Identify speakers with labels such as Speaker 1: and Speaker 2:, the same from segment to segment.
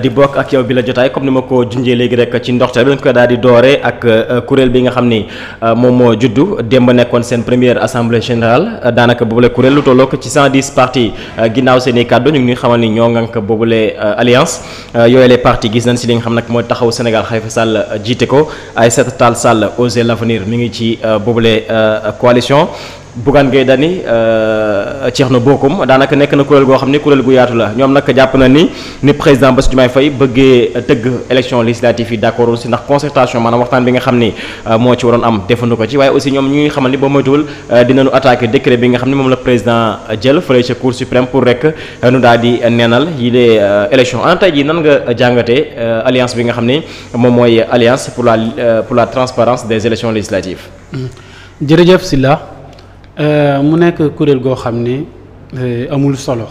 Speaker 1: di bokk ak yow bi la jotaay comme ni ma ko junjee léegi rek ci ndoxteel bi dañ koy daal doore ak euh, kuréel bi nga xam ni euh, moom moo juddu démb nekkoon seen première assemblée générale daanaka boobule kuréel lu tollook ci 110 partis euh, ginnaaw seen i kàddu ñu ngi xamal ni ñoo ko boobule alliance yooyu les partis gis nañ si li nga xam nag mooy taxaw Sénégal Khalifa Sall jiite ko Aïssata Tall Sall Osez l'avenir mu ngi ci boobule coalition. Bougane Gueye Dany euh, Thierno Bocoum daanaka nekk na kuréel goo xam ne kuréel gu yaatu la ñoom nag jàpp na ni ni président Bassirou Diomaye Faye bëggee tëgg élection législative yi d'accord si ndax concertation maanaam waxtaan bi nga xam ni euh, moo ci waroon am defandu ko ci waaye aussi ñoom ñuy xamal ni ba moytuwul euh, dinañu attaquer décret bi nga xam ne moom daal di neenal yi les élections ana tey jii nan nga jàngatee alliance bi nga xam ne moom mooy alliance pour la pour la transparence des élections législatives
Speaker 2: hmm. jërëjëf Sylla Euh, mu nekk kuréel goo xam ne euh, amul solo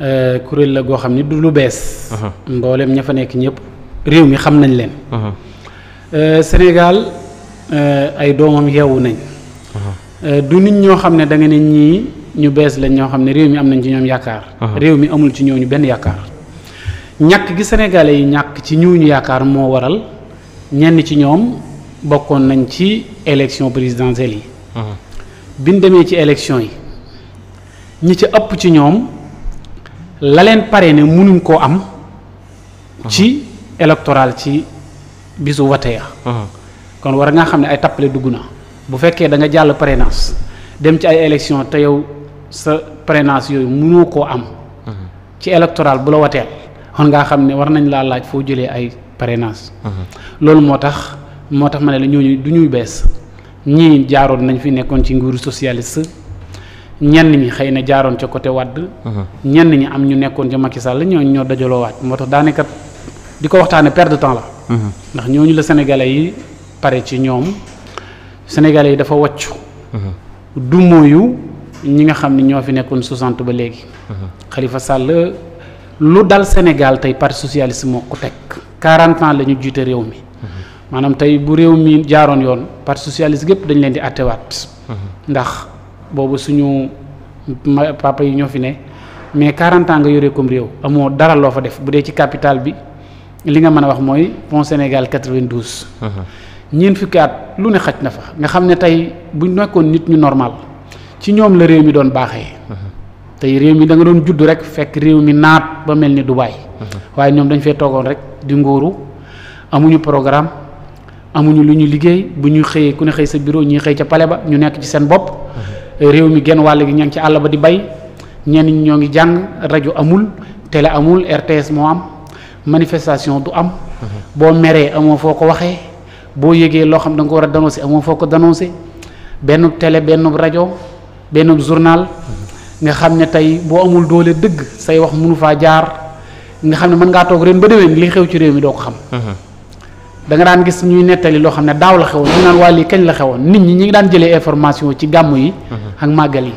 Speaker 2: euh, kuréel la goo xam ne du lu bees. Uh-huh. mboolem ña fa nekk ñëpp réew mi xam nañ leen. Uh-huh. Sénégal ay doomam yeewu nañ. Uh-huh. du nit ñoo xam ne danga nga ne ñii ñu bees lañ ñoo xam ne réew mi am nañ ci ñoom yaakaar. réew mi amul ci ñu benn yaakaar. ñàkk gi sénégalais yi ñàkk ci ñooñu yaakaar moo waral ñenn ci ñoom bokkoon nañ ci élection présidentielle yi. bi demee ci élection yi ñi ci ëpp ci ñoom laleen pare ne mënuñ koo am. ci électoral ci bisu wate ya uh-huh. kon war nga xam ne ay tappale dugg na bu fekkee da nga jàll parrainage dem ci ay élection te yow sa parrainage yooyu mënoo koo am. Uh-huh. ci électoral bu la wateel kon ngaa xam ne war nañ laa laaj foo jëlee ay parrainage. Uh-huh. loolu moo tax moo tax ma ne la ñooñu du ñuy bees. ñii jaaroon nañ fi nekkoon ci nguuru socialiste ñenn ñi xëy na jaaroon ca côté Wade. Uh-huh. ñenn ñi am ñu nekkoon ca Macky Sall ñoo ñoo dajaloo waat moo tax daanaka di ko waxtaanee perte de temps la. Uh-huh. ndax ñooñu la sénégalais yi pare ci ñoom sénégalais yi dafa wàccu. Uh-huh. du mooyu ñi nga xam ne ñoo fi nekkoon 60 ba léegi. xalifa sàll lu dal Sénégal tey parti socialiste moo ko teg. 40 ans la ñu jiite réew mi. maanaam tey bu réew mi jaaroon yoon parti socialiste gépp dañ leen di attewaat mhm. ndax boobu suñu papa yi ñoo fi ne mais 40 ans nga yore comme réew amoo dara loo fa def bu dee ci capital bi li nga mën a wax mooy pont Sénégal 92. Mhm. ñeent fukki at lu ne xaj na fa nga xam ne tey bu nekkoon nit ñu normal ci ñoom la réew mi doon baaxee. Mhm. tey réew mi da nga doon judd rek fekk réew mi naat ba mel ni Dubaay. waaye ñoom dañ fee toogoon rek di nguuru amuñu programme. amuñu lu ñu liggéey bu ñuy xëyee ku ne xëy sa bureau ñuy xëy ca pale ba ñu nekk ci seen bopp mhm. réew mi genn wàll gi ña ngi ci àll ba di bay ñenn ñi ñoo ngi jàng rajo amul télé amul RTS moo am manifestation du am mhm. boo meree amoo foo ko waxee boo yëgee loo xam da nga war a dénoncer amoo foo ko dénoncer benn télé benn rajo benn journal mhm. nga xam ne tey boo amul doole dëgg say wax mënu faa jaar nga xam ne mën ngaa toog ren ba déwén li xew ci réew mi doo ko xam danga daan gis ñuy nettali loo xam ne daaw la xewoon ñu naan waa lii kañ la xewoon nit ñi ñu ngi daan jëlee information ci gàmmu yi. Mhm. ak màggal yi.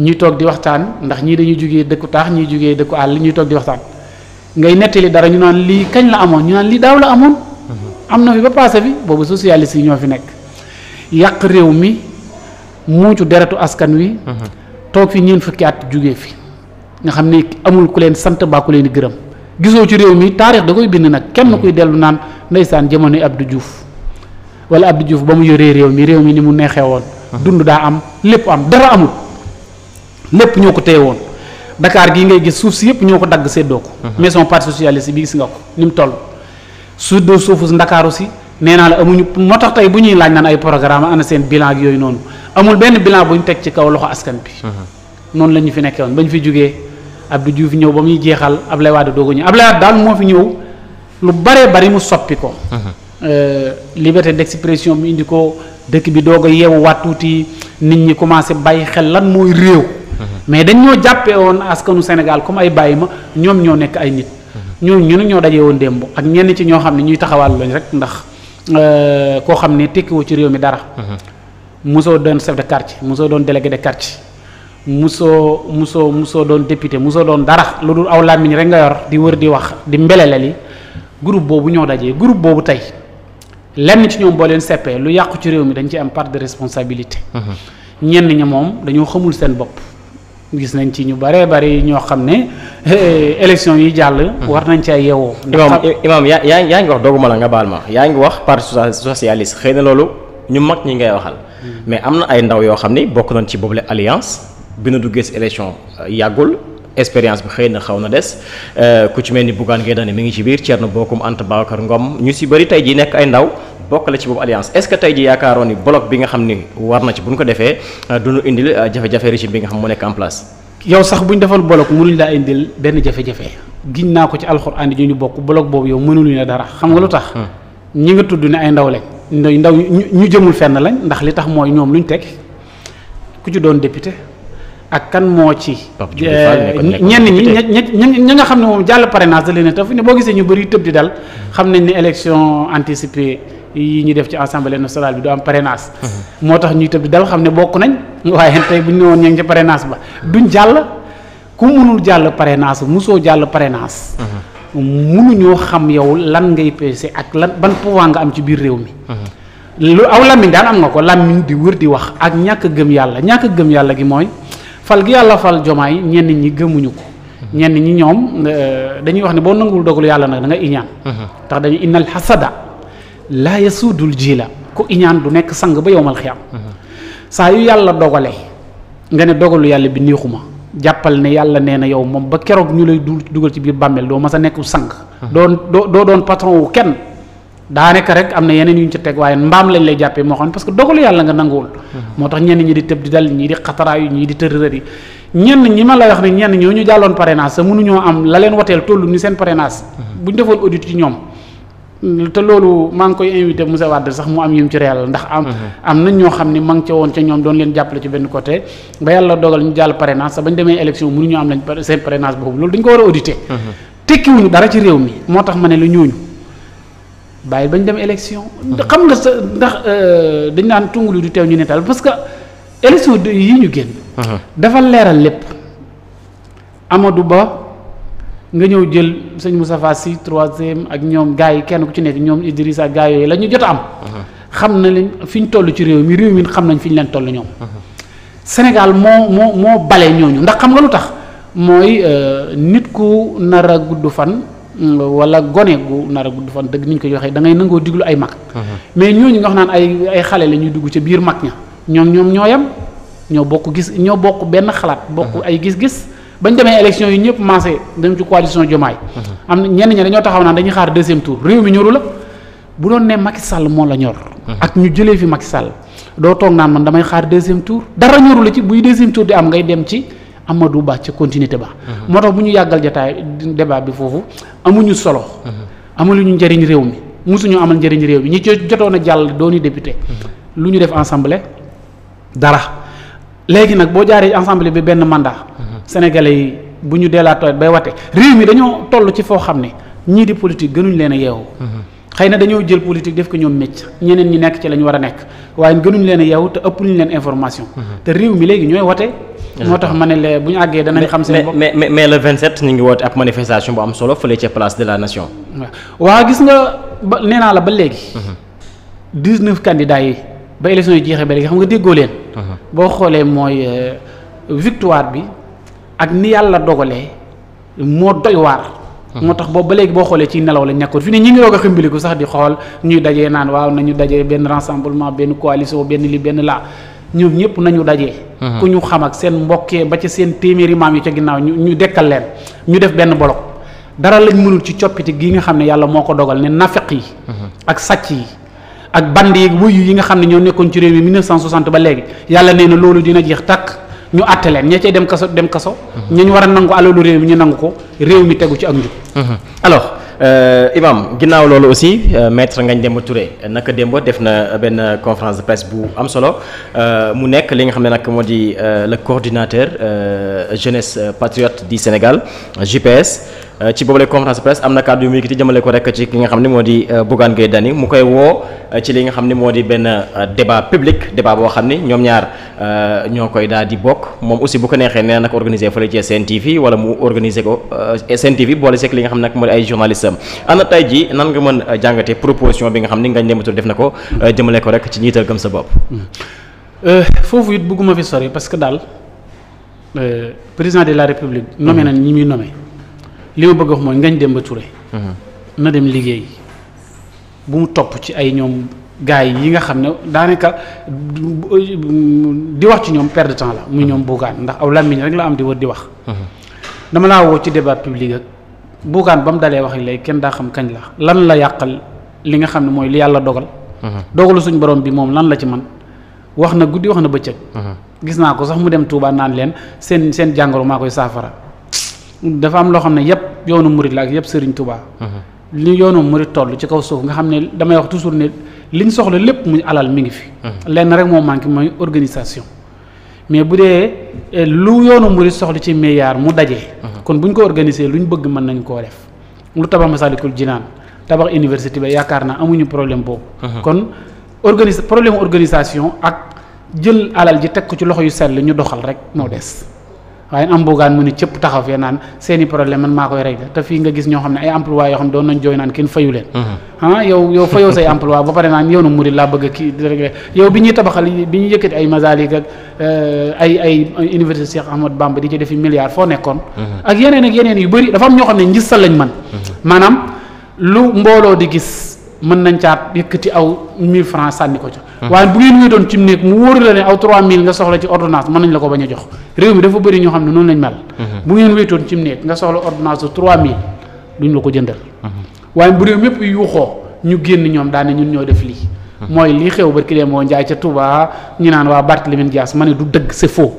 Speaker 2: ñuy toog di waxtaan ndax ñii dañuy jugee dëkku taax ñuy jugee dëkku àll ñuy toog di waxtaan ngay nettali dara ñu naan lii kañ la amoon ñu naan lii daaw la amoon. Mhm. am na fi ba passé bi boobu socialiste yi ñoo fi nekk yàq réew mi muucu deretu askan wi. Mhm. toog fi ñeent fukki at jugee fi nga xam ne amul ku leen sant baa ku leen di gërëm gisoo ci réew mi taarix da koy bind nag kenn kuy dellu naan. ndeysaan jamonoy Abdou Diouf wala Abdou Diouf ba mu yoree réew mi réew mi ni mu neexee woon. dund daa am lépp am dara amul lépp ñoo ko téye woon Dakar gii ngay gis suuf si yëpp ñoo ko dagg séddoo ko. maison parti socialiste bi gis nga ko ni mu su doo suufu Ndakaaru si nee naa la amuñu moo tax tey bu ñuy laaj naan ay programme ana seen bilan ak yooyu noonu amul benn bilan bu ñu teg ci kaw loxo askan bi. noonu la ñu fi nekkee woon ba ñu fi jugee Abdou Diouf lu baree bari mu soppi ko. Uh-huh. Euh, liberté d'expression mu indi ko dëkk bi doog a yeewuwaat tuuti nit ñi commencé bàyyi xel lan mooy réew. Uh-huh. mais dañ ñoo jàppee woon askanu Sénégal comme ay bàyyi ma ñoom ñoo nekk ay nit. Uh-huh. ñoo ñu ñoo dajee woon démb ak ñenn ci ñoo xam ne ñuy taxawal lañ rek ndax euh, koo xam ne tekkiwoo ci réew mi dara. musoo doon chef de quartier musoo doon délégué de quartier. musoo musoo musoo doon député musoo doon dara lu dul aw làmmiñ rek nga yor di wër di wax di mbelele li groupe boobu ñoo dajee groupe boobu tey lenn ci ñoom boo leen seppee lu yàqu ci réew mi dañ ci am part de responsabilité. Mhm. ñenn ñi moom dañoo xamul seen bopp. gis nañ ci ñu bëree bëri ñoo xam ne eh, élection yi jàll. Mhm. war nañ caa yeewoo. imaam
Speaker 1: imaam yaa yaa yaa ngi wax dooguma la nga baal ma yaa ngi wax parti socialiste xëy na loolu ñu mag ñi ngay waxal. Mhm. mais am na ay ndaw yoo xam ni bokk nañ ci boobule alliance bi nu duggee si élection euh, yàggul. expérience bi xëy na xaw na des euh, ku ci mel ni Bougane Gueye Dany mi ngi ci biir Thierno Bocoum Anta Babacar Ngom ñu si bëri tey ji nekk ay ndaw bokk la ci boobu alliance est ce que tey ji yaakaaroon ni bloc bi nga xam ni war na ci bu ñu ko defee euh, duñu indil euh, jafe-jafe régime bi nga xam mu nekk en place
Speaker 2: yow sax bu ñu defal bloc mënuñ laa indil benn jafe-jafe giñ naa ko ci alxuraan yi ñu bokk bloc boobu yow mënuluñ la dara xam nga lu tax hmm. ñi nga tudd ne ay ndaw lañ ndaw ñu jëmul fenn lañ ndax li tax mooy ñoom luñ teg ku ci doon député ak kan moo ci. Eh, ñenn ñi ñi ñi nga xam ne moom jàll parrainage da leen a taf ne boo gisee ñu bëri tëb di dal xam nañ ne élection anticipée yi ñu def ci assemblée nationale bi du am parrainage. Mhm. moo tax ñuy tëb di dal xam ne bokk nañ waaye tey bu ñu ne woon ñu ngi ci parrainage ba duñ jàll ku mënul jàll parrainage musoo jàll parrainage. mënuñoo mhm. xam yow lan ngay peese ak lan ban pouvoir nga am ci biir réew mi. Mhm. lu aw làmmiñ daan am nga ko làmmiñ di wër di wax ak ñàkk gëm yàlla ñàkk gëm yàlla gi mooy. fal gi yàlla fal jomaay ñenn ñi gëmuñu ko ñenn ñi ñoom euh, dañuy wax ne boo nanguwul dogalu yàlla nag da nga iñaan tax mm-hmm. dañuy innal xasada laa yasuudul la ku iñaan du nekk sang ba yow ma xiyam mm-hmm. saa yu yàlla dogale nga ne dogalu yàlla bi neexuma jàppal ne yàlla nee na yow moom ba keroog ñu lay dugal ci biir bàmmeel doo mas a nekk sang mm-hmm. doo doo doon patron wu kenn daanaka rek am na yeneen yu ñu ci teg waaye mbaam lañ lay jàppee moo xam parce que dogalu yàlla nga nanguwul. Mhm. moo tax ñenn ñi di tëb di dal ñii ne ñenn ñu jàlloon parrainage sa mënuñoo leen woteel tollu ni seen parrainage. Mhm. bu ñu defoon loolu maa ngi koy invité Moussa Wade sax mu am yum ci réel ndax am mhm. am nañ ñoo xam ne ma ngi ca woon ca ñoom doon leen jàppale benn côté ba yàlla dogal ñu jàll parrainage sax ba ñu demee élection mënuñu am lañ seen parrainage boobu loolu dañ ko war audité tekkiwuñu dara ci réew mi moo tax ma ne la ñooñu bàyyi bañ dem élection. Mmh. xam nga sa ndax euh, dañ naan tungulu du teew ñu netal parce que élection yi ñu génn. Mmh. dafa leeral lépp. Amadou Ba nga ñëw jël sëñ Moustapha Sy troisième ak ñoom gars yi kenn ku ci nekk ñoom Idrissa ak gars yooyu la ñu jot am. Mmh. xam na leen fi ñu toll ci réew mi réew mi xam nañ fi ñu leen toll ñoom. Sénégal moo moo moo bale ñooñu ndax xam nga lu tax mooy euh, nit ku nar a gudd fan. wala gone gu nar a gudd dëgg ni ñu koy waxee da ngay nangoo diglu ay mag. mais ñooñu nga wax naan ay xale la ñuy dugg ca biir mag ña ñoom ñoom ñoo yem ñoo bokk gis ñoo bokk benn xalaat. bokk mhm. ay gis-gis bañ demee election yi ñëpp maasee dem ci coalition Diomaye. Mhm. am na ñenn ñi dañoo taxaw naan dañuy xaar deuxième tour réew mi ñoru la bu doon ne Macky sàll moo la ñor. Mhm. ak ñu jëlee fi Macky sàll doo toog naan man damay xaar deuxième tour dara ñoru la ci buy deuxième tour di am ngay dem ci. Amadou baax ca continuté ba. moo tax bu ñu yàggal jataay débat bi foofu amuñu solo. amaluñu njëriñ réew mi mosuñu amal njëriñ réew mi ñu ci jotoon a jàll dooni député. lu ñu def ensemble dara léegi nag boo jaaree ensemble bi benn mandat. sénégalais yi bu ñu deelaatoo bay wate réew mi dañoo toll ci foo xam ne ñii di politique gënuñ leen a yeewoo. xay na dañoo jël politique def ko ñoom mécc ñeneen ñi nekk ci la ñu war a nekk waaye gënuñ leen a yow te ëpp ñu leen information mhm. te réew mi léegi ñooy wote
Speaker 1: moo tax ma ne lee bu ñu àggee danañ xam seen bopp mais mais le 27 ñu ngi woote ab manifestation bu am solo fële ca place de la nation
Speaker 2: waaw gis nga ba nee naa la ba léegi 19 mhm. candidats yi ba élection yi jeexee ba léegi xam nga déggoo leen mhm. boo xoolee mooy euh, victoire bi ak ni yàlla dogalee moo doy waar moo mhm. tax boobu ba léegi boo xoolee ci nelaw lañ nekkoon fi ne ñi ngi roog a ximbiliku sax di xool ñuy dajee naan waaw nañu dajee benn rassemblement benn coalition benn li benn laa ñoom mhm. ñu xam ak seen mbokkee ba ca seen téeméeri maam yi ca ginnaaw ñu ñu dekkal leen ñu def benn bolok dara lañ mënul ci coppite gi nga xam ne yàlla moo ko dogal ne nafiq yi mhm. ak sàcc yi ak band yi wuyu yi nga xam ne ñoo nekkoon ci réew mi 1960 ba léegi yàlla nee na loolu dina jeex takk ñu
Speaker 1: àtte leen ña cay dem kaso dem kaso ñañ war a nangu alalu réew mi ñu nangu ko réew mi tegu ak njub Mhm. alors euh, Imaam ginnaaw loolu aussi euh, maître ngañ Demba Touré naka Demba def na benn confrance de presse bu am solo euh, mu nekk li nga xam ne nag moo di la coordinateur jeunesse patriote du Sénégal JPS. Euh, ci boobule conférence presse am na kàddu yu muy yëkkati jëmale ko rek ci ki nga xam ne moo di euh, Bougane Gueye Dany mu koy woo euh, ci li nga xam ne moo di benn débat public débat boo xam ni ñoom ñaar ñoo koy daal di bokk moom aussi bu ko neexee nee na ko organiser fële ci Sen TV wala mu organiser ko Sen TV boole seeg li nga xam ne nag moo di ay journaliste am ana tey ji nan nga mën jàngate proposition bi nga xam ni Ngagne Demba Touré def na ko jëmale ko rek ci njiital gëm sa bopp.
Speaker 2: Hmm. foofu it bëgguma fi parce que daal président de la république. nommé nañ ñi muy nommé. li ma bëgg wax mooy Ngagne Demba Touré. Mhm. na dem liggéey bu mu topp ci ay ñoom gars yi nga xam ne daanaka di wax ci ñoom perte de temps la muy mhm. ñoom Bougane ndax aw làmmiñ rek la am di wër di wax. Mhm. dama laa woo ci débat public ak Bougane ba mu dalee wax léegi kenn daa xam kañ la lan la yàqal li nga xam ne mooy li yàlla dogal. dogalu suñ borom bi moom lan la ci man wax na guddi wax na bëccëg. gis naa ko sax mu dem Touba naan leen seen seen jàngoro maa koy saafara. dafa am loo xam ne yëpp yoonu murit la ak yëpp Serigne Touba. Mhm. li yoonu murit toll ci kaw suuf nga xam ne damay wax toujours ne liñ soxla lépp muy alal mu ngi fi. Mhm. lenn rek moo manqué mooy organisation. mais bu dee eh, lu yoonu murit soxla ci milliard mu daje. Mhm. kon bu ñu ko organisé lu ñu bëgg mën nañ koo def lu tabax Masalikul Jinaan tabax université ba yaakaar naa amuñu problème boobu. kon organise problème organisation ak jël alal ji teg ko ci loxo yu sell ñu doxal rek moo des. waaye am buggaan mu ne cëpp taxaw fee naan seen i problème man maa koy régler te fii nga gis ñoo xam ne ay emploi yoo xam ne doon nañ jooy naan kenn fayu leen mhm. ah yow yow fayoo say emploi ba pare naan yow nu laa bëgg kii yow bi ñuy tabaxal bi ñuy yëkkati ay Masalik ak euh, ay ay université Cheikh Ahmad bamb di ci defi milliards foo nekkoon mhm. ak yeneen ak yeneen yu bëri dafa am ñoo xam ne ngis sa lañ man mhm. maanaam lu mbooloo di gis mën nañ caat yëkkati aw 1000 francs sànni ko ca waaye bu ngeen wéetoon ci néeg mu wóor la ne aw 3000 nga soxla ci ordonnance mën nañ la ko bañ a jox réew mi dafa bëri ñoo xam ne noonu lañ mel bu ngeen wéetoon ci néeg nga soxla ordonnance su 3000 duñ la ko jëndal waaye bu réew mépp yuuxoo ñu génn ñoom daane ñun ñoo def lii mooy lii xew barki dee moo njaay ca Touba ñu naan waa Barthélémy Dias ma ne du dëgg c'est faux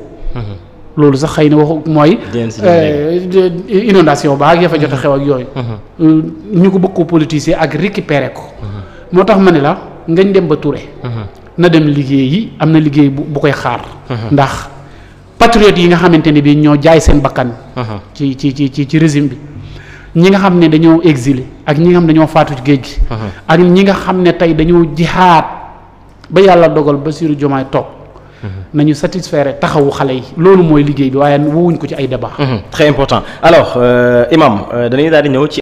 Speaker 2: loolu sax xay na waxu mooy euh, euh, inondation ba ak ya fa jot a xew ak yooyu euh, ñu ko bëgg ko politiser ak récupérer ko moo tax ma ne ngañ dem ba Touré. Mhm. na dem liggéey yi am na liggéey bu bu koy xaar. Mhm. ndax patriotes yi nga xamante ni bii ñoo jaay seen bakkan. Mhm. ci ci ci ci régime bi ñi nga xam ne dañoo exilé ak ñi nga xam dañoo faatu ci géej gi. ak ñi nga xam ne tey dañoo jihaat ba yàlla dogal Bassirou Diomaye toog. nañu satisfaire taxawu xale yi loolu mooy liggéey bi waaye wowuñ ko ci ay débat.
Speaker 1: très important alors euh, imam euh, dañuy daal ñëw ci.